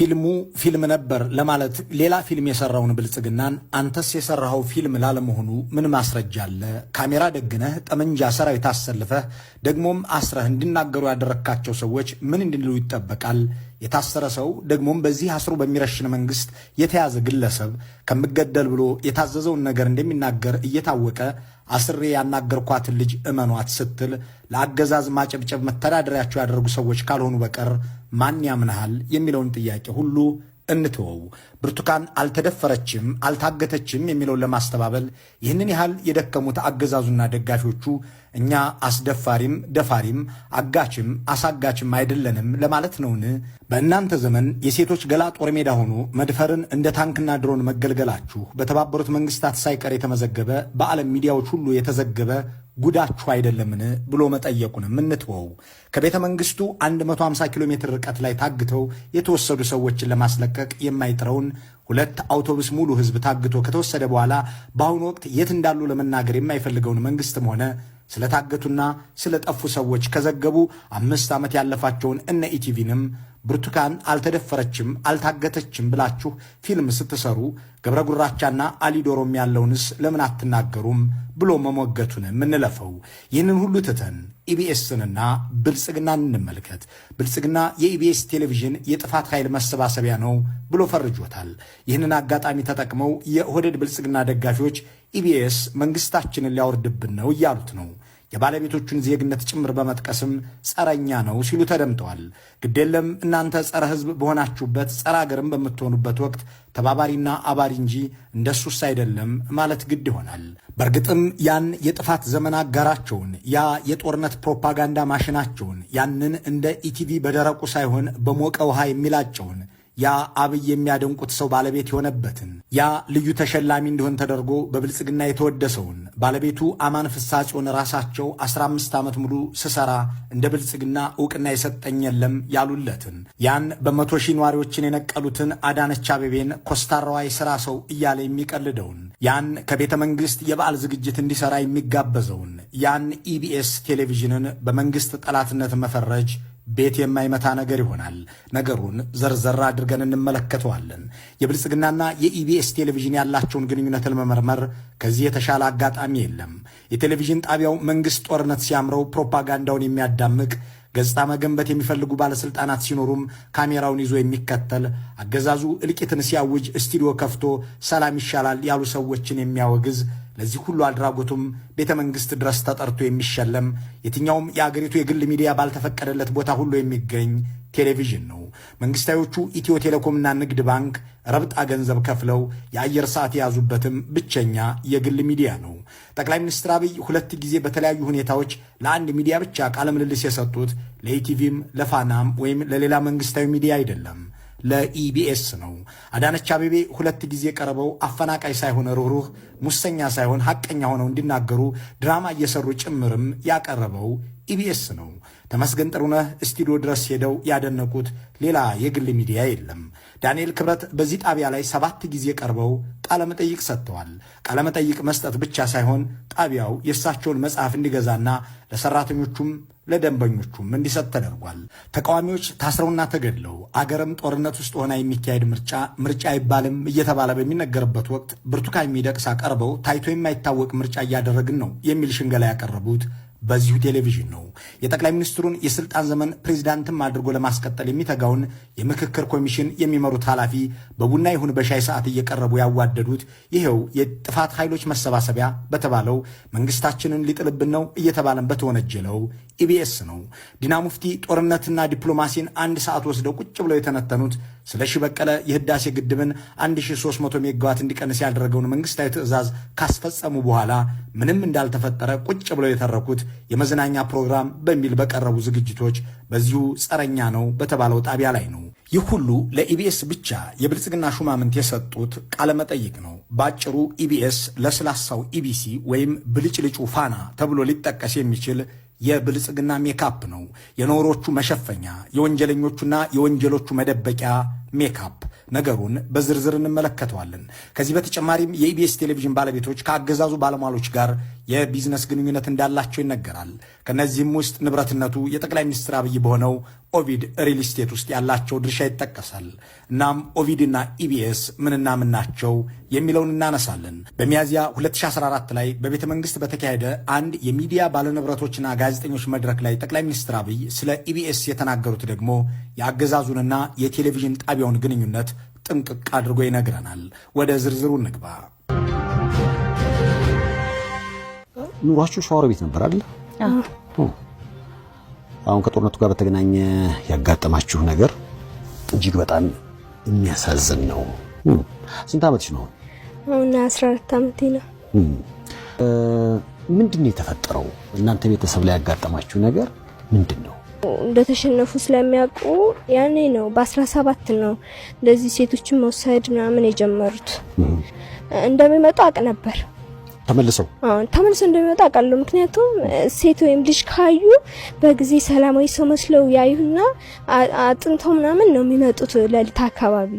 ፊልሙ ፊልም ነበር ለማለት ሌላ ፊልም የሰራውን ብልጽግናን አንተስ የሰራኸው ፊልም ላለመሆኑ ምን ማስረጃ አለ? ካሜራ ደግነህ ጠመንጃ ሰራዊት አሰልፈህ ደግሞም አስረህ እንዲናገሩ ያደረካቸው ሰዎች ምን እንዲሉ ይጠበቃል? የታሰረ ሰው ደግሞም በዚህ አስሮ በሚረሽን መንግስት የተያዘ ግለሰብ ከምገደል ብሎ የታዘዘውን ነገር እንደሚናገር እየታወቀ አስሬ ያናገርኳትን ልጅ እመኗት ስትል ለአገዛዝ ማጨብጨብ መተዳደሪያቸው ያደረጉ ሰዎች ካልሆኑ በቀር ማን ያምንሃል የሚለውን ጥያቄ ሁሉ እንትወው። ብርቱካን አልተደፈረችም፣ አልታገተችም የሚለውን ለማስተባበል ይህንን ያህል የደከሙት አገዛዙና ደጋፊዎቹ እኛ አስደፋሪም ደፋሪም አጋችም አሳጋችም አይደለንም ለማለት ነውን? በእናንተ ዘመን የሴቶች ገላ ጦር ሜዳ ሆኖ መድፈርን እንደ ታንክና ድሮን መገልገላችሁ በተባበሩት መንግስታት ሳይቀር የተመዘገበ በዓለም ሚዲያዎች ሁሉ የተዘገበ ጉዳችሁ አይደለምን ብሎ መጠየቁን የምንትወው ከቤተ መንግስቱ 150 ኪሎ ሜትር ርቀት ላይ ታግተው የተወሰዱ ሰዎችን ለማስለቀቅ የማይጥረውን ሁለት አውቶቡስ ሙሉ ህዝብ ታግቶ ከተወሰደ በኋላ በአሁኑ ወቅት የት እንዳሉ ለመናገር የማይፈልገውን መንግስትም ሆነ ስለታገቱና ስለጠፉ ሰዎች ከዘገቡ አምስት ዓመት ያለፋቸውን እነ ኢቲቪንም ብርቱካን አልተደፈረችም አልታገተችም ብላችሁ ፊልም ስትሰሩ ገብረ ጉራቻና አሊዶሮም ያለውንስ ለምን አትናገሩም ብሎ መሞገቱን የምንለፈው። ይህንን ሁሉ ትተን ኢቢኤስንና ብልጽግናን እንመልከት። ብልጽግና የኢቢኤስ ቴሌቪዥን የጥፋት ኃይል መሰባሰቢያ ነው ብሎ ፈርጆታል። ይህንን አጋጣሚ ተጠቅመው የኦህዴድ ብልጽግና ደጋፊዎች ኢቢኤስ መንግስታችንን ሊያወርድብን ነው እያሉት ነው። የባለቤቶቹን ዜግነት ጭምር በመጥቀስም ጸረኛ ነው ሲሉ ተደምጠዋል። ግዴለም እናንተ ጸረ ሕዝብ በሆናችሁበት ጸረ አገርም በምትሆኑበት ወቅት ተባባሪና አባሪ እንጂ እንደሱስ አይደለም ማለት ግድ ይሆናል። በእርግጥም ያን የጥፋት ዘመን አጋራቸውን፣ ያ የጦርነት ፕሮፓጋንዳ ማሽናቸውን፣ ያንን እንደ ኢቲቪ በደረቁ ሳይሆን በሞቀ ውሃ የሚላቸውን ያ አብይ የሚያደንቁት ሰው ባለቤት የሆነበትን ያ ልዩ ተሸላሚ እንዲሆን ተደርጎ በብልጽግና የተወደሰውን ባለቤቱ አማን ፍሳጽዮን ራሳቸው 15 ዓመት ሙሉ ስሰራ እንደ ብልጽግና እውቅና የሰጠኝ የለም ያሉለትን ያን በመቶ ሺህ ነዋሪዎችን የነቀሉትን አዳነች አቤቤን ኮስታራዋ የሥራ ሰው እያለ የሚቀልደውን ያን ከቤተ መንግሥት የበዓል ዝግጅት እንዲሠራ የሚጋበዘውን ያን ኢቢኤስ ቴሌቪዥንን በመንግሥት ጠላትነት መፈረጅ ቤት የማይመታ ነገር ይሆናል። ነገሩን ዘርዘር አድርገን እንመለከተዋለን። የብልጽግናና የኢቢኤስ ቴሌቪዥን ያላቸውን ግንኙነት ለመመርመር ከዚህ የተሻለ አጋጣሚ የለም። የቴሌቪዥን ጣቢያው መንግስት ጦርነት ሲያምረው ፕሮፓጋንዳውን የሚያዳምቅ ገጽታ መገንበት የሚፈልጉ ባለስልጣናት ሲኖሩም ካሜራውን ይዞ የሚከተል አገዛዙ እልቂትን ሲያውጅ ስቱዲዮ ከፍቶ ሰላም ይሻላል ያሉ ሰዎችን የሚያወግዝ ለዚህ ሁሉ አድራጎቱም ቤተ መንግስት ድረስ ተጠርቶ የሚሸለም የትኛውም የአገሪቱ የግል ሚዲያ ባልተፈቀደለት ቦታ ሁሉ የሚገኝ ቴሌቪዥን ነው። መንግስታዊዎቹ ኢትዮ ቴሌኮምና ንግድ ባንክ ረብጣ ገንዘብ ከፍለው የአየር ሰዓት የያዙበትም ብቸኛ የግል ሚዲያ ነው። ጠቅላይ ሚኒስትር አብይ ሁለት ጊዜ በተለያዩ ሁኔታዎች ለአንድ ሚዲያ ብቻ ቃለ ምልልስ የሰጡት ለኢቲቪም ለፋናም ወይም ለሌላ መንግስታዊ ሚዲያ አይደለም። ለኢቢኤስ ነው። አዳነች አቤቤ ሁለት ጊዜ ቀርበው አፈናቃይ ሳይሆን ሩህሩህ፣ ሙሰኛ ሳይሆን ሐቀኛ ሆነው እንዲናገሩ ድራማ እየሰሩ ጭምርም ያቀረበው ኢቢኤስ ነው። ተመስገን ጥሩነህ ስቱዲዮ ድረስ ሄደው ያደነቁት ሌላ የግል ሚዲያ የለም። ዳንኤል ክብረት በዚህ ጣቢያ ላይ ሰባት ጊዜ ቀርበው ቃለመጠይቅ ሰጥተዋል። ቃለመጠይቅ መስጠት ብቻ ሳይሆን ጣቢያው የእሳቸውን መጽሐፍ እንዲገዛና ለሰራተኞቹም ለደንበኞቹም እንዲሰጥ ተደርጓል። ተቃዋሚዎች ታስረውና ተገድለው አገርም ጦርነት ውስጥ ሆና የሚካሄድ ምርጫ ምርጫ አይባልም እየተባለ በሚነገርበት ወቅት ብርቱካን ሚደቅሳ ቀርበው ታይቶ የማይታወቅ ምርጫ እያደረግን ነው የሚል ሽንገላ ያቀረቡት በዚሁ ቴሌቪዥን ነው የጠቅላይ ሚኒስትሩን የስልጣን ዘመን ፕሬዚዳንትም አድርጎ ለማስቀጠል የሚተጋውን የምክክር ኮሚሽን የሚመሩት ኃላፊ በቡና ይሁን በሻይ ሰዓት እየቀረቡ ያዋደዱት ይኸው የጥፋት ኃይሎች መሰባሰቢያ በተባለው መንግስታችንን ሊጥልብን ነው እየተባለን በተወነጀለው ኢቢኤስ ነው። ዲና ሙፍቲ ጦርነትና ዲፕሎማሲን አንድ ሰዓት ወስደው ቁጭ ብለው የተነተኑት ስለሺ በቀለ የህዳሴ ግድብን 1300 ሜጋዋት እንዲቀንስ ያደረገውን መንግስታዊ ትዕዛዝ ካስፈጸሙ በኋላ ምንም እንዳልተፈጠረ ቁጭ ብለው የተረኩት የመዝናኛ ፕሮግራም በሚል በቀረቡ ዝግጅቶች በዚሁ ጸረኛ ነው በተባለው ጣቢያ ላይ ነው። ይህ ሁሉ ለኢቢኤስ ብቻ የብልጽግና ሹማምንት የሰጡት ቃለመጠይቅ ነው። በአጭሩ ኢቢኤስ ለስላሳው ኢቢሲ ወይም ብልጭልጩ ፋና ተብሎ ሊጠቀስ የሚችል የብልጽግና ሜካፕ ነው፣ የኖሮቹ መሸፈኛ፣ የወንጀለኞቹና የወንጀሎቹ መደበቂያ ሜካፕ ነገሩን በዝርዝር እንመለከተዋለን። ከዚህ በተጨማሪም የኢቢኤስ ቴሌቪዥን ባለቤቶች ከአገዛዙ ባለሟሎች ጋር የቢዝነስ ግንኙነት እንዳላቸው ይነገራል። ከእነዚህም ውስጥ ንብረትነቱ የጠቅላይ ሚኒስትር አብይ በሆነው ኦቪድ ሪል ስቴት ውስጥ ያላቸው ድርሻ ይጠቀሳል። እናም ኦቪድና ኢቢኤስ ምንና ምን ናቸው የሚለውን እናነሳለን። በሚያዚያ 2014 ላይ በቤተ መንግስት በተካሄደ አንድ የሚዲያ ባለንብረቶችና ጋዜጠኞች መድረክ ላይ ጠቅላይ ሚኒስትር አብይ ስለ ኢቢኤስ የተናገሩት ደግሞ የአገዛዙንና የቴሌቪዥን ጣቢያ የአካባቢውን ግንኙነት ጥንቅቅ አድርጎ ይነግረናል። ወደ ዝርዝሩ እንግባ። ኑሯችሁ ሸዋሮ ቤት ነበር አለ። አሁን ከጦርነቱ ጋር በተገናኘ ያጋጠማችሁ ነገር እጅግ በጣም የሚያሳዝን ነው። ስንት ዓመትሽ ነው? አሁን 14 ዓመቴ ነው። ምንድን ነው የተፈጠረው? እናንተ ቤተሰብ ላይ ያጋጠማችሁ ነገር ምንድን ነው? እንደተሸነፉ ስለሚያውቁ ያኔ ነው በ17 ነው እንደዚህ ሴቶችን መውሰድ ምናምን የጀመሩት። እንደሚመጣ አቅ ነበር ተመልሰው ተመልሰው እንደሚመጣ አውቃለሁ። ምክንያቱም ሴት ወይም ልጅ ካዩ በጊዜ ሰላማዊ ሰው መስለው ያዩና አጥንተው ምናምን ነው የሚመጡት ሌሊት አካባቢ።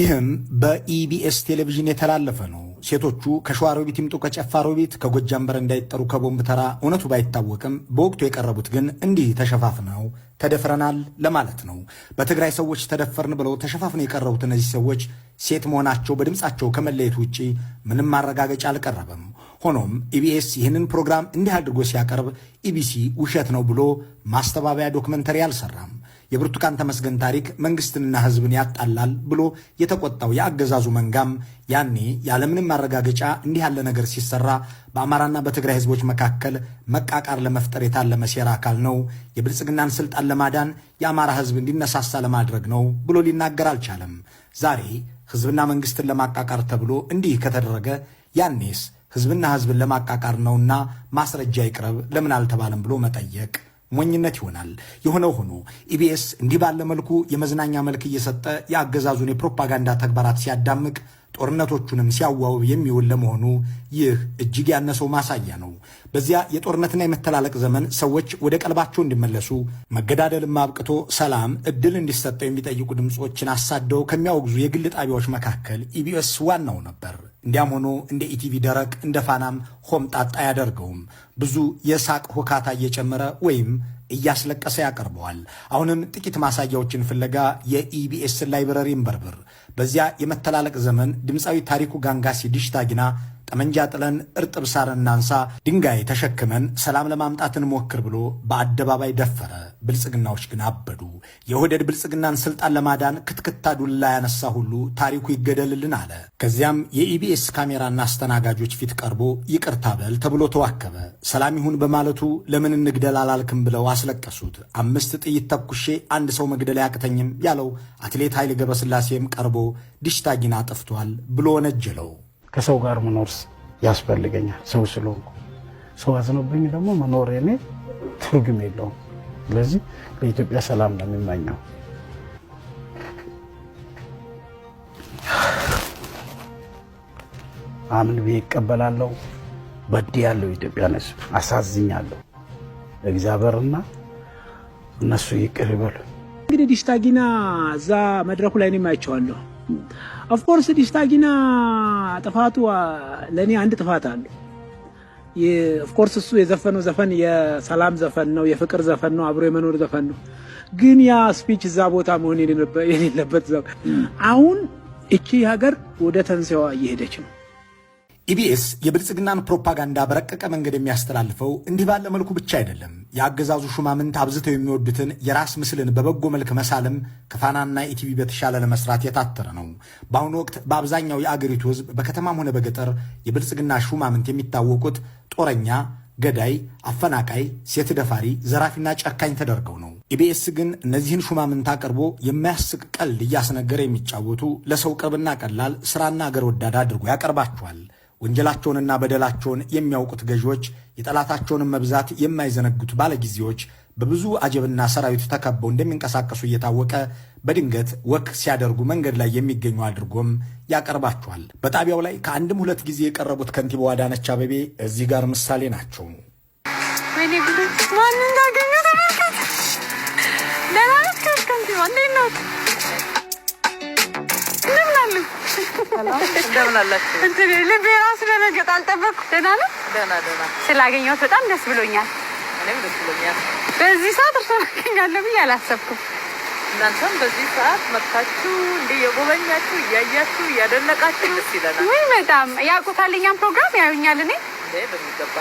ይህም በኢቢኤስ ቴሌቪዥን የተላለፈ ነው። ሴቶቹ ከሸዋሮቢት ይምጡ ከጨፋሮቢት ከጎጃም በር እንዳይጠሩ ከቦምብ ተራ እውነቱ ባይታወቅም በወቅቱ የቀረቡት ግን እንዲህ ተሸፋፍነው ተደፍረናል ለማለት ነው። በትግራይ ሰዎች ተደፈርን ብለው ተሸፋፍነው የቀረቡት እነዚህ ሰዎች ሴት መሆናቸው በድምፃቸው ከመለየት ውጭ ምንም ማረጋገጫ አልቀረበም። ሆኖም ኢቢኤስ ይህንን ፕሮግራም እንዲህ አድርጎ ሲያቀርብ ኢቢሲ ውሸት ነው ብሎ ማስተባበያ ዶክመንተሪ አልሰራም። የብርቱካን ተመስገን ታሪክ መንግስትንና ህዝብን ያጣላል ብሎ የተቆጣው የአገዛዙ መንጋም ያኔ ያለምንም ማረጋገጫ እንዲህ ያለ ነገር ሲሰራ በአማራና በትግራይ ህዝቦች መካከል መቃቃር ለመፍጠር የታለመ ሴራ አካል ነው፣ የብልጽግናን ስልጣን ለማዳን የአማራ ህዝብ እንዲነሳሳ ለማድረግ ነው ብሎ ሊናገር አልቻለም። ዛሬ ህዝብና መንግስትን ለማቃቃር ተብሎ እንዲህ ከተደረገ ያኔስ ህዝብና ህዝብን ለማቃቃር ነውና ማስረጃ ይቅረብ ለምን አልተባለም ብሎ መጠየቅ ሞኝነት ይሆናል። የሆነ ሆኖ ኢቢኤስ እንዲህ ባለ መልኩ የመዝናኛ መልክ እየሰጠ የአገዛዙን የፕሮፓጋንዳ ተግባራት ሲያዳምቅ ጦርነቶቹንም ሲያዋውብ የሚውል ለመሆኑ ይህ እጅግ ያነሰው ማሳያ ነው። በዚያ የጦርነትና የመተላለቅ ዘመን ሰዎች ወደ ቀልባቸው እንዲመለሱ መገዳደልም አብቅቶ ሰላም እድል እንዲሰጠው የሚጠይቁ ድምፆችን አሳደው ከሚያወግዙ የግል ጣቢያዎች መካከል ኢቢኤስ ዋናው ነበር። እንዲያም ሆኖ እንደ ኢቲቪ ደረቅ እንደ ፋናም ሆምጣጣ አያደርገውም። ብዙ የሳቅ ሁካታ እየጨመረ ወይም እያስለቀሰ ያቀርበዋል። አሁንም ጥቂት ማሳያዎችን ፍለጋ የኢቢኤስን ላይብረሪን በርብር። በዚያ የመተላለቅ ዘመን ድምፃዊ ታሪኩ ጋንጋሲ ዲሽታ ጊና ጠመንጃ ጥለን እርጥብ ሳር እናንሳ፣ ድንጋይ ተሸክመን ሰላም ለማምጣት እንሞክር ብሎ በአደባባይ ደፈረ። ብልጽግናዎች ግን አበዱ። የወደድ ብልጽግናን ስልጣን ለማዳን ክትክታ ዱላ ያነሳ ሁሉ ታሪኩ ይገደልልን አለ። ከዚያም የኢቢኤስ ካሜራና አስተናጋጆች ፊት ቀርቦ ይቅርታ በል ተብሎ ተዋከበ። ሰላም ይሁን በማለቱ ለምን እንግደል አላልክም ብለው አስለቀሱት። አምስት ጥይት ተኩሼ አንድ ሰው መግደል አያቅተኝም ያለው አትሌት ኃይሌ ገብረስላሴም ቀርቦ ዲሽታጊን ጠፍቷል ብሎ ወነጀለው። ከሰው ጋር መኖርስ ያስፈልገኛል። ሰው ስለሆንኩ ሰው አዝኖብኝ ደግሞ መኖር የኔ ትርጉም የለውም። ስለዚህ ለኢትዮጵያ ሰላም ነው የሚመኘው። አምን ብዬ ይቀበላለሁ። በድ ያለው ኢትዮጵያን አሳዝኝ አሳዝኛለሁ። እግዚአብሔርና እነሱ ይቅር ይበሉ። እንግዲህ ዲሽታ ጊና እዛ መድረኩ ላይ እኔም አይቼዋለሁ። ኦፍኮርስ ዲስታጊና ጥፋቱ ለእኔ አንድ ጥፋት አለ። ኦፍኮርስ እሱ የዘፈነው ዘፈን የሰላም ዘፈን ነው፣ የፍቅር ዘፈን ነው፣ አብሮ የመኖር ዘፈን ነው። ግን ያ ስፒች እዛ ቦታ መሆን የሌለበት አሁን እቺ ሀገር ወደ ተንሴዋ እየሄደች ነው። ኢቢኤስ የብልጽግናን ፕሮፓጋንዳ በረቀቀ መንገድ የሚያስተላልፈው እንዲህ ባለ መልኩ ብቻ አይደለም። የአገዛዙ ሹማምንት አብዝተው የሚወዱትን የራስ ምስልን በበጎ መልክ መሳልም ከፋናና ኢቲቪ በተሻለ ለመስራት የታተረ ነው። በአሁኑ ወቅት በአብዛኛው የአገሪቱ ሕዝብ በከተማም ሆነ በገጠር የብልጽግና ሹማምንት የሚታወቁት ጦረኛ፣ ገዳይ፣ አፈናቃይ፣ ሴት ደፋሪ፣ ዘራፊና ጨካኝ ተደርገው ነው። ኢቢኤስ ግን እነዚህን ሹማምንት አቅርቦ የማያስቅ ቀልድ እያስነገረ የሚጫወቱ ለሰው ቅርብና ቀላል ስራና አገር ወዳድ አድርጎ ያቀርባቸዋል። ወንጀላቸውንና በደላቸውን የሚያውቁት ገዢዎች የጠላታቸውንም መብዛት የማይዘነጉት ባለጊዜዎች በብዙ አጀብና ሰራዊት ተከበው እንደሚንቀሳቀሱ እየታወቀ በድንገት ወክ ሲያደርጉ መንገድ ላይ የሚገኙ አድርጎም ያቀርባቸዋል። በጣቢያው ላይ ከአንድም ሁለት ጊዜ የቀረቡት ከንቲባዋ አዳነች አቤቤ እዚህ ጋር ምሳሌ ናቸው። ማን እንዳገኘ ልቤ ራሱ ደነገጠ። አልጠበኩም። ደህና ነው ስላገኘሁት በጣም ደስ ብሎኛል። በዚህ ሰዓት እርሶ አገኛለሁ ብዬ አላሰብኩም። እናንተም በዚህ ሰዓት መጥታችሁ እንዲህ የጎበኛችሁ እያያችሁ እያደነቃችሁ ደስ ይለናል። በጣም ያውቁታል፣ እኛም ፕሮግራም ያዩኛል። እኔ በሚገባ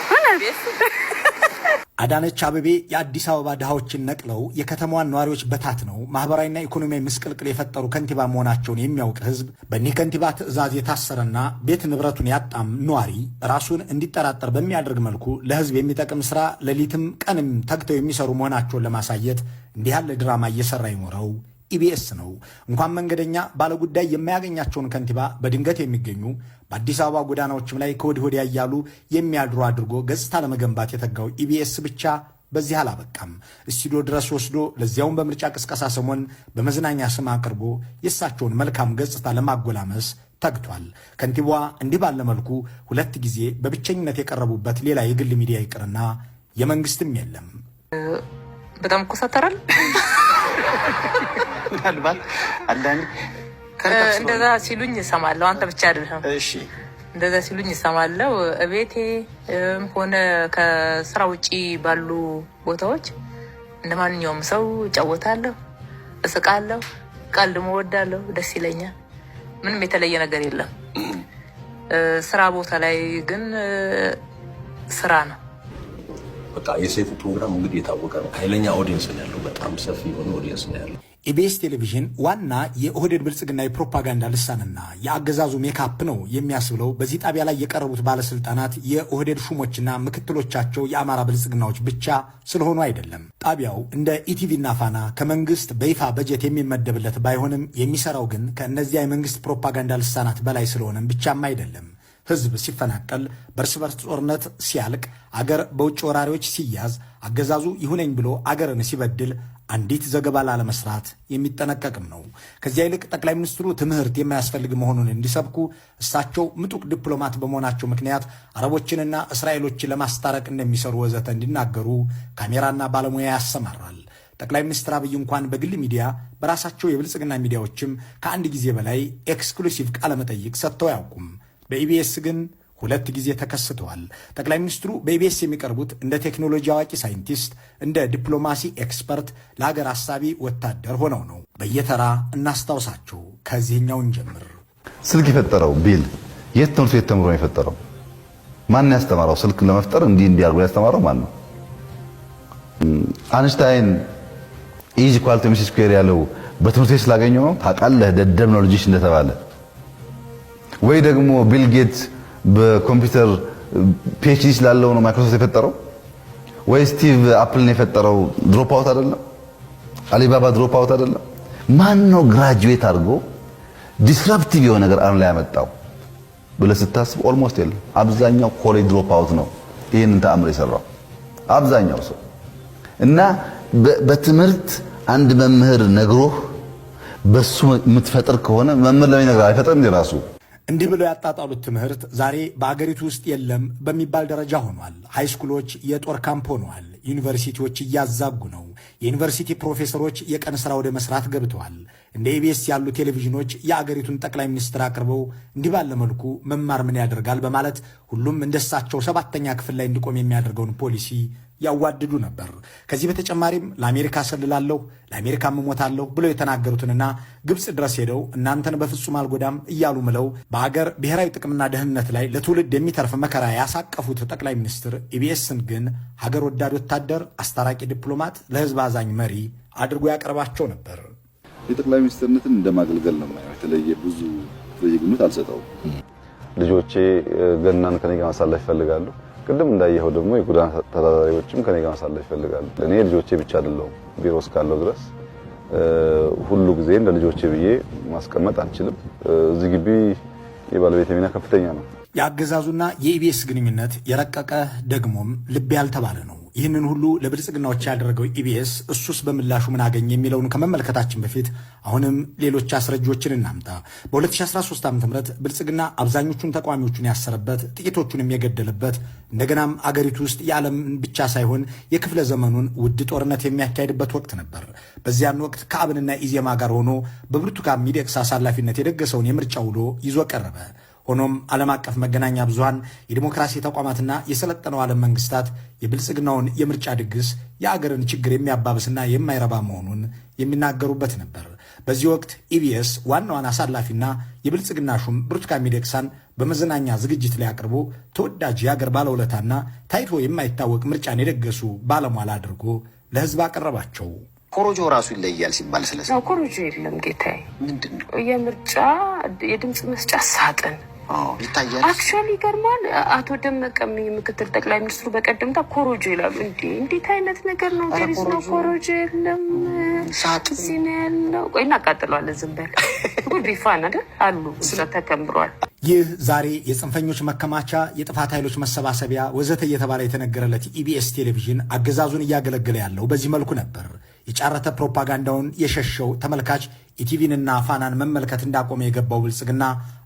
አዳነች አበቤ የአዲስ አበባ ድሃዎችን ነቅለው የከተማዋን ነዋሪዎች በታት ነው ማህበራዊና ኢኮኖሚያዊ ምስቅልቅል የፈጠሩ ከንቲባ መሆናቸውን የሚያውቅ ህዝብ በእኒህ ከንቲባ ትዕዛዝ የታሰረና ቤት ንብረቱን ያጣም ነዋሪ ራሱን እንዲጠራጠር በሚያደርግ መልኩ ለህዝብ የሚጠቅም ስራ ሌሊትም ቀንም ተግተው የሚሰሩ መሆናቸውን ለማሳየት እንዲህ ያለ ድራማ እየሰራ ይኖረው ኢቢኤስ ነው። እንኳን መንገደኛ ባለጉዳይ የማያገኛቸውን ከንቲባ በድንገት የሚገኙ በአዲስ አበባ ጎዳናዎችም ላይ ከወዲህ ወዲያ እያሉ የሚያድሩ አድርጎ ገጽታ ለመገንባት የተጋው ኢቢኤስ ብቻ በዚህ አላበቃም። እስቱዲዮ ድረስ ወስዶ ለዚያውም በምርጫ ቅስቀሳ ሰሞን በመዝናኛ ስም አቅርቦ የእሳቸውን መልካም ገጽታ ለማጎላመስ ተግቷል። ከንቲባዋ እንዲህ ባለ መልኩ ሁለት ጊዜ በብቸኝነት የቀረቡበት ሌላ የግል ሚዲያ ይቅርና የመንግስትም የለም። በጣም እኮ ሳተራል ምናልባት አንዳንድ እንደዛ ሲሉኝ እሰማለሁ። አንተ ብቻ አይደለም። እሺ እንደዛ ሲሉኝ እሰማለሁ። እቤቴ ሆነ ከስራ ውጪ ባሉ ቦታዎች እንደ ማንኛውም ሰው እጫወታለሁ፣ እስቃለሁ፣ ቀልድ እወዳለሁ፣ ደስ ይለኛል። ምንም የተለየ ነገር የለም። ስራ ቦታ ላይ ግን ስራ ነው። በቃ የሴፉ ፕሮግራም እንግዲህ የታወቀ ነው። ኃይለኛ ኦዲየንስ ነው ያለው። በጣም ሰፊ የሆነ ኦዲየንስ ነው ያለው። ኢቢኤስ ቴሌቪዥን ዋና የኦህዴድ ብልጽግና የፕሮፓጋንዳ ልሳንና የአገዛዙ ሜካፕ ነው የሚያስብለው። በዚህ ጣቢያ ላይ የቀረቡት ባለስልጣናት የኦህዴድ ሹሞችና ምክትሎቻቸው የአማራ ብልጽግናዎች ብቻ ስለሆኑ አይደለም። ጣቢያው እንደ ኢቲቪና ፋና ከመንግስት በይፋ በጀት የሚመደብለት ባይሆንም የሚሰራው ግን ከእነዚያ የመንግስት ፕሮፓጋንዳ ልሳናት በላይ ስለሆነም ብቻም አይደለም። ህዝብ ሲፈናቀል፣ በእርስ በርስ ጦርነት ሲያልቅ፣ አገር በውጭ ወራሪዎች ሲያዝ፣ አገዛዙ ይሁነኝ ብሎ አገርን ሲበድል አንዲት ዘገባ ላለመስራት የሚጠነቀቅም ነው። ከዚያ ይልቅ ጠቅላይ ሚኒስትሩ ትምህርት የማያስፈልግ መሆኑን እንዲሰብኩ እሳቸው ምጡቅ ዲፕሎማት በመሆናቸው ምክንያት አረቦችንና እስራኤሎችን ለማስታረቅ እንደሚሰሩ ወዘተ እንዲናገሩ ካሜራና ባለሙያ ያሰማራል። ጠቅላይ ሚኒስትር አብይ እንኳን በግል ሚዲያ በራሳቸው የብልጽግና ሚዲያዎችም ከአንድ ጊዜ በላይ ኤክስክሉሲቭ ቃለመጠይቅ ሰጥተው አያውቁም። በኢቢኤስ ግን ሁለት ጊዜ ተከስተዋል። ጠቅላይ ሚኒስትሩ በኢቢኤስ የሚቀርቡት እንደ ቴክኖሎጂ አዋቂ ሳይንቲስት፣ እንደ ዲፕሎማሲ ኤክስፐርት፣ ለሀገር አሳቢ ወታደር ሆነው ነው። በየተራ እናስታውሳቸው። ከዚህኛውን ጀምር። ስልክ የፈጠረው ቢል የት ትምህርት ቤት ተምሮ የፈጠረው ማን ያስተማረው? ስልክ ለመፍጠር እንዲህ እንዲያርጉ ያስተማረው ማን ነው? አንስታይን ኢዝ ኢኳል ቱ ኤምሲ ስኩዌር ያለው በትምህርት ቤት ስላገኘው ነው። ታውቃለህ፣ ደደብ ነው ልጅሽ እንደተባለ ወይ ደግሞ ቢል ጌትስ በኮምፒውተር ፒኤችዲ ስላለው ነው ማይክሮሶፍት የፈጠረው ወይ ስቲቭ አፕልን የፈጠረው ድሮፕ አውት አይደለም? አሊባባ ድሮፕ አውት አይደለም? ማን ነው ግራጁዌት አድርጎ ዲስራፕቲቭ የሆነ ነገር አሁን ላይ ያመጣው ብለህ ስታስብ ኦልሞስት የለም። አብዛኛው ኮሌጅ ድሮፕ አውት ነው ይህንን ተአምር የሰራው አብዛኛው ሰው እና በትምህርት አንድ መምህር ነግሮህ በሱ የምትፈጥር ከሆነ መምህር ለምን ይነግራል? አይፈጥርም ራሱ እንዲህ ብለው ያጣጣሉት ትምህርት ዛሬ በአገሪቱ ውስጥ የለም በሚባል ደረጃ ሆኗል። ሃይስኩሎች የጦር ካምፕ ሆነዋል። ዩኒቨርሲቲዎች እያዛጉ ነው። የዩኒቨርሲቲ ፕሮፌሰሮች የቀን ስራ ወደ መስራት ገብተዋል። እንደ ኢቢኤስ ያሉ ቴሌቪዥኖች የአገሪቱን ጠቅላይ ሚኒስትር አቅርበው እንዲህ ባለ መልኩ መማር ምን ያደርጋል በማለት ሁሉም እንደሳቸው ሰባተኛ ክፍል ላይ እንዲቆም የሚያደርገውን ፖሊሲ ያዋድዱ ነበር። ከዚህ በተጨማሪም ለአሜሪካ ሰልላለሁ፣ ለአሜሪካ እሞታለሁ ብለው የተናገሩትንና ግብፅ ድረስ ሄደው እናንተን በፍጹም አልጎዳም እያሉ ምለው በአገር ብሔራዊ ጥቅምና ደህንነት ላይ ለትውልድ የሚተርፍ መከራ ያሳቀፉት ጠቅላይ ሚኒስትር ኢቢኤስን ግን ሀገር ወዳድ ወታደር፣ አስታራቂ ዲፕሎማት፣ ለህዝብ አዛኝ መሪ አድርጎ ያቀርባቸው ነበር። የጠቅላይ ሚኒስትርነትን እንደማገልገል ነው። የተለየ ብዙ ልዩነት አልሰጠውም። ልጆቼ ገናን ከኔ ጋር ማሳለፍ ይፈልጋሉ ቅድም እንዳየኸው ደግሞ የጎዳና ተዳዳሪዎችም ከኔ ጋር ማሳለፍ ይፈልጋሉ። እኔ ልጆቼ ብቻ አይደለሁም ቢሮ እስካለው ድረስ ሁሉ ጊዜ እንደ ልጆቼ ብዬ ማስቀመጥ አልችልም። እዚህ ግቢ የባለቤት ሚና ከፍተኛ ነው። የአገዛዙና የኢቢኤስ ግንኙነት የረቀቀ ደግሞም ልብ ያልተባለ ነው። ይህንን ሁሉ ለብልጽግናዎች ያደረገው ኢቢኤስ እሱስ በምላሹ ምን አገኘ የሚለውን ከመመልከታችን በፊት አሁንም ሌሎች አስረጆችን እናምጣ። በ2013 ዓ ም ብልጽግና አብዛኞቹን ተቃዋሚዎቹን ያሰረበት፣ ጥቂቶቹንም የገደለበት እንደገናም አገሪቱ ውስጥ የዓለምን ብቻ ሳይሆን የክፍለ ዘመኑን ውድ ጦርነት የሚያካሄድበት ወቅት ነበር። በዚያን ወቅት ከአብንና ኢዜማ ጋር ሆኖ በብርቱካን ሚደቅሳ አሳላፊነት የደገሰውን የምርጫ ውሎ ይዞ ቀረበ። ሆኖም ዓለም አቀፍ መገናኛ ብዙሃን የዲሞክራሲ ተቋማትና የሰለጠነው ዓለም መንግስታት የብልጽግናውን የምርጫ ድግስ የአገርን ችግር የሚያባብስና የማይረባ መሆኑን የሚናገሩበት ነበር። በዚህ ወቅት ኢቢኤስ ዋናዋን አሳላፊና የብልጽግና ሹም ብርቱካን ሚደቅሳን በመዝናኛ ዝግጅት ላይ አቅርቦ ተወዳጅ የአገር ባለውለታና ታይቶ የማይታወቅ ምርጫን የደገሱ ባለሟላ አድርጎ ለህዝብ አቀረባቸው። ኮሮጆ ራሱ ይለያል ሲባል ስለሰ ኮሮጆ የለም ጌታዬ፣ ምንድን ነው የምርጫ የድምፅ መስጫ ሳጥን ይታያል። አክቹዋሊ ይገርማል። አቶ ደመቀ ምክትል ጠቅላይ ሚኒስትሩ በቀደምታ ኮሮጆ ይላሉ። እንዲ እንዴት አይነት ነገር ነው? ሪዝ ነው ኮሮጆ የለም እዚህ ነው ያለው። ቆይ እናቃጥለዋለን። ዝም በል ቢፋን አይደል አሉ ስለተከምሯል። ይህ ዛሬ የጽንፈኞች መከማቻ የጥፋት ኃይሎች መሰባሰቢያ ወዘተ እየተባለ የተነገረለት ኢቢኤስ ቴሌቪዥን አገዛዙን እያገለገለ ያለው በዚህ መልኩ ነበር። የጫረተ ፕሮፓጋንዳውን የሸሸው ተመልካች ኢቲቪንና ፋናን መመልከት እንዳቆመ የገባው ብልጽግና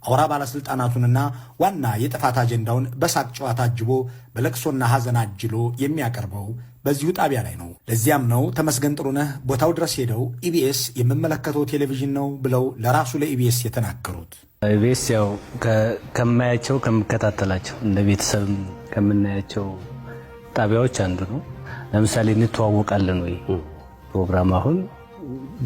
አውራ ባለስልጣናቱንና ዋና የጥፋት አጀንዳውን በሳቅ ጨዋታ አጅቦ በለቅሶና ሐዘን አጅሎ የሚያቀርበው በዚሁ ጣቢያ ላይ ነው። ለዚያም ነው ተመስገን ጥሩነህ ቦታው ድረስ ሄደው ኢቢኤስ የምመለከተው ቴሌቪዥን ነው ብለው ለራሱ ለኢቢኤስ የተናገሩት። ኢቢኤስ ያው ከማያቸው ከምከታተላቸው እንደ ቤተሰብ ከምናያቸው ጣቢያዎች አንዱ ነው። ለምሳሌ እንተዋወቃለን ወይ ፕሮግራም አሁን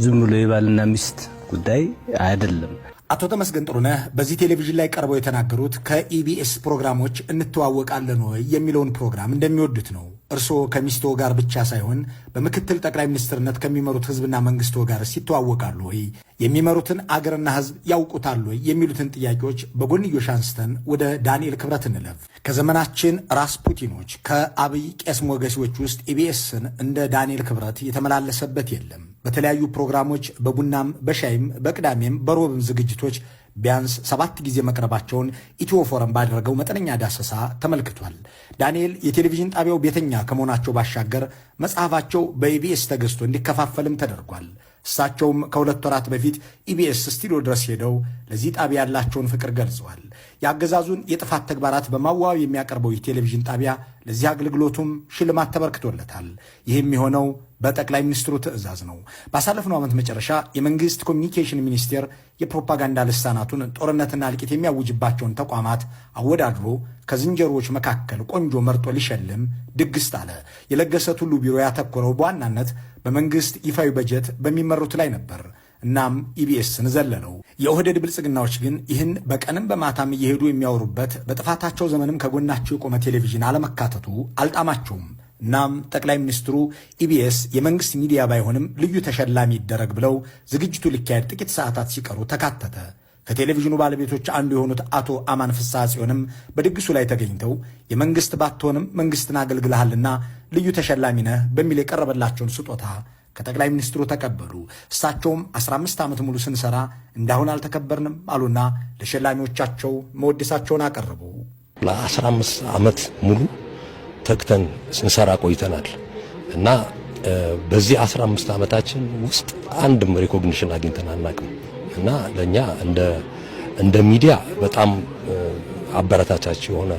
ዝም ብሎ የባልና ሚስት ጉዳይ አይደለም። አቶ ተመስገን ጥሩነህ በዚህ ቴሌቪዥን ላይ ቀርበው የተናገሩት ከኢቢኤስ ፕሮግራሞች እንተዋወቃለን ወይ የሚለውን ፕሮግራም እንደሚወዱት ነው። እርስዎ ከሚስቶ ጋር ብቻ ሳይሆን በምክትል ጠቅላይ ሚኒስትርነት ከሚመሩት ህዝብና መንግስቶ ጋር ሲተዋወቃሉ ወይ? የሚመሩትን አገርና ህዝብ ያውቁታሉ ወይ? የሚሉትን ጥያቄዎች በጎንዮሽ አንስተን ወደ ዳንኤል ክብረት እንለፍ። ከዘመናችን ራስ ፑቲኖች ከአብይ ቄስ ሞገሲዎች ውስጥ ኢቢኤስን እንደ ዳንኤል ክብረት የተመላለሰበት የለም። በተለያዩ ፕሮግራሞች፣ በቡናም፣ በሻይም፣ በቅዳሜም፣ በሮብም ዝግጅቶች ቢያንስ ሰባት ጊዜ መቅረባቸውን ኢትዮ ፎረም ባደረገው መጠነኛ ዳሰሳ ተመልክቷል። ዳንኤል የቴሌቪዥን ጣቢያው ቤተኛ ከመሆናቸው ባሻገር መጽሐፋቸው በኢቢኤስ ተገዝቶ እንዲከፋፈልም ተደርጓል። እሳቸውም ከሁለት ወራት በፊት ኢቢኤስ ስቱዲዮ ድረስ ሄደው ለዚህ ጣቢያ ያላቸውን ፍቅር ገልጸዋል። የአገዛዙን የጥፋት ተግባራት በማዋብ የሚያቀርበው ይህ ቴሌቪዥን ጣቢያ ለዚህ አገልግሎቱም ሽልማት ተበርክቶለታል። ይህም የሆነው በጠቅላይ ሚኒስትሩ ትዕዛዝ ነው። ባሳለፍነው ዓመት መጨረሻ የመንግስት ኮሚኒኬሽን ሚኒስቴር የፕሮፓጋንዳ ልሳናቱን ጦርነትና እልቂት የሚያውጅባቸውን ተቋማት አወዳድሮ ከዝንጀሮዎች መካከል ቆንጆ መርጦ ሊሸልም ድግስት አለ። የለገሰት ሁሉ ቢሮ ያተኮረው በዋናነት በመንግስት ይፋዊ በጀት በሚመሩት ላይ ነበር። እናም ኢቢኤስን ዘለለው። የኦህዴድ ብልጽግናዎች ግን ይህን በቀንም በማታም እየሄዱ የሚያወሩበት በጥፋታቸው ዘመንም ከጎናቸው የቆመ ቴሌቪዥን አለመካተቱ አልጣማቸውም። እናም ጠቅላይ ሚኒስትሩ ኢቢኤስ የመንግስት ሚዲያ ባይሆንም ልዩ ተሸላሚ ይደረግ ብለው ዝግጅቱ ሊካሄድ ጥቂት ሰዓታት ሲቀሩ ተካተተ። ከቴሌቪዥኑ ባለቤቶች አንዱ የሆኑት አቶ አማን ፍስሐ ጽዮንም በድግሱ ላይ ተገኝተው የመንግስት ባትሆንም መንግስትን አገልግልሃልና ልዩ ተሸላሚ ነህ በሚል የቀረበላቸውን ስጦታ ከጠቅላይ ሚኒስትሩ ተቀበሉ። እሳቸውም 15 ዓመት ሙሉ ስንሰራ እንዳሁን አልተከበርንም አሉና ለሸላሚዎቻቸው መወደሳቸውን አቀረቡ። ለ15 ዓመት ሙሉ ተግተን ስንሰራ ቆይተናል እና በዚህ 15 ዓመታችን ውስጥ አንድም ሪኮግኒሽን አግኝተን አናቅም እና ለእኛ እንደ ሚዲያ በጣም አበረታቻች የሆነ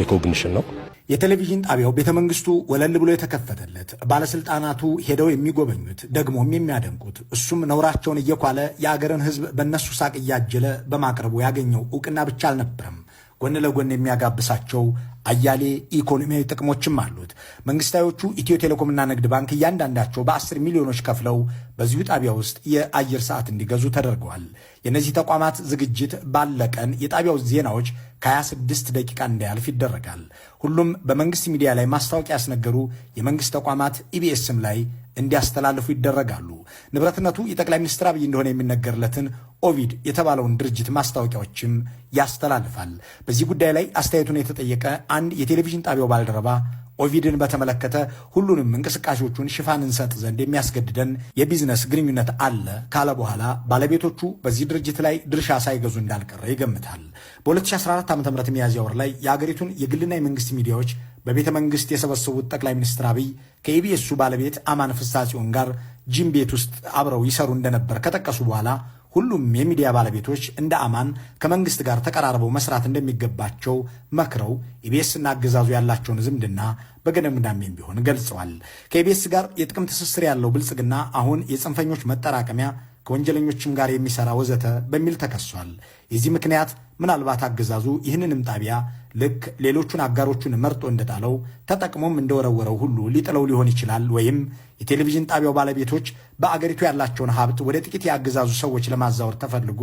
ሪኮግኒሽን ነው። የቴሌቪዥን ጣቢያው ቤተ መንግስቱ ወለል ብሎ የተከፈተለት ባለስልጣናቱ ሄደው የሚጎበኙት ደግሞም የሚያደንቁት እሱም ነውራቸውን እየኳለ የአገርን ህዝብ በእነሱ ሳቅ እያጀለ በማቅረቡ ያገኘው እውቅና ብቻ አልነበረም ጎን ለጎን የሚያጋብሳቸው አያሌ ኢኮኖሚያዊ ጥቅሞችም አሉት። መንግስታዊዎቹ ኢትዮ ቴሌኮምና ንግድ ባንክ እያንዳንዳቸው በአስር ሚሊዮኖች ከፍለው በዚሁ ጣቢያ ውስጥ የአየር ሰዓት እንዲገዙ ተደርገዋል። የእነዚህ ተቋማት ዝግጅት ባለቀን የጣቢያው ዜናዎች ከ26 ደቂቃ እንዳያልፍ ይደረጋል። ሁሉም በመንግስት ሚዲያ ላይ ማስታወቂያ ያስነገሩ የመንግስት ተቋማት ኢቢኤስም ላይ እንዲያስተላልፉ ይደረጋሉ። ንብረትነቱ የጠቅላይ ሚኒስትር አብይ እንደሆነ የሚነገርለትን ኦቪድ የተባለውን ድርጅት ማስታወቂያዎችም ያስተላልፋል። በዚህ ጉዳይ ላይ አስተያየቱን የተጠየቀ አንድ የቴሌቪዥን ጣቢያው ባልደረባ ኦቪድን በተመለከተ ሁሉንም እንቅስቃሴዎቹን ሽፋን እንሰጥ ዘንድ የሚያስገድደን የቢዝነስ ግንኙነት አለ ካለ በኋላ ባለቤቶቹ በዚህ ድርጅት ላይ ድርሻ ሳይገዙ እንዳልቀረ ይገምታል። በ2014 ዓ ም ሚያዝያ ወር ላይ የአገሪቱን የግልና የመንግስት ሚዲያዎች በቤተ መንግስት የሰበሰቡት ጠቅላይ ሚኒስትር አብይ ከኢቢኤሱ ባለቤት አማን ፍሳጽዮን ጋር ጂም ቤት ውስጥ አብረው ይሰሩ እንደነበር ከጠቀሱ በኋላ ሁሉም የሚዲያ ባለቤቶች እንደ አማን ከመንግስት ጋር ተቀራርበው መስራት እንደሚገባቸው መክረው ኢቢኤስና አገዛዙ ያላቸውን ዝምድና በገደምዳሜም ቢሆን ገልጸዋል። ከኢቢኤስ ጋር የጥቅም ትስስር ያለው ብልጽግና አሁን የጽንፈኞች መጠራቀሚያ ከወንጀለኞችም ጋር የሚሰራ ወዘተ በሚል ተከሷል። የዚህ ምክንያት ምናልባት አገዛዙ ይህንንም ጣቢያ ልክ ሌሎቹን አጋሮቹን መርጦ እንደጣለው ተጠቅሞም እንደወረወረው ሁሉ ሊጥለው ሊሆን ይችላል ወይም የቴሌቪዥን ጣቢያው ባለቤቶች በአገሪቱ ያላቸውን ሀብት ወደ ጥቂት የአገዛዙ ሰዎች ለማዛወር ተፈልጎ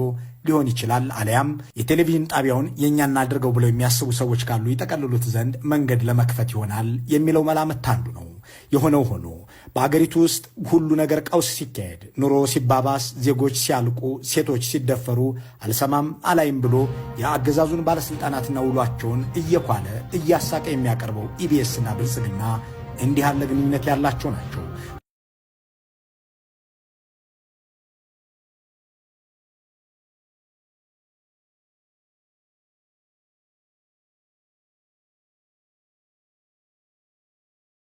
ሊሆን ይችላል። አሊያም የቴሌቪዥን ጣቢያውን የእኛ እናድርገው ብለው የሚያስቡ ሰዎች ካሉ ይጠቀልሉት ዘንድ መንገድ ለመክፈት ይሆናል የሚለው መላምት አንዱ ነው። የሆነው ሆኖ በአገሪቱ ውስጥ ሁሉ ነገር ቀውስ ሲካሄድ፣ ኑሮ ሲባባስ፣ ዜጎች ሲያልቁ፣ ሴቶች ሲደፈሩ አልሰማም አላይም ብሎ የአገዛዙን ባለሥልጣናትና ውሏቸውን እየኳለ እያሳቀ የሚያቀርበው ኢቢኤስና ብልጽግና እንዲህ ያለ ግንኙነት ያላቸው ናቸው።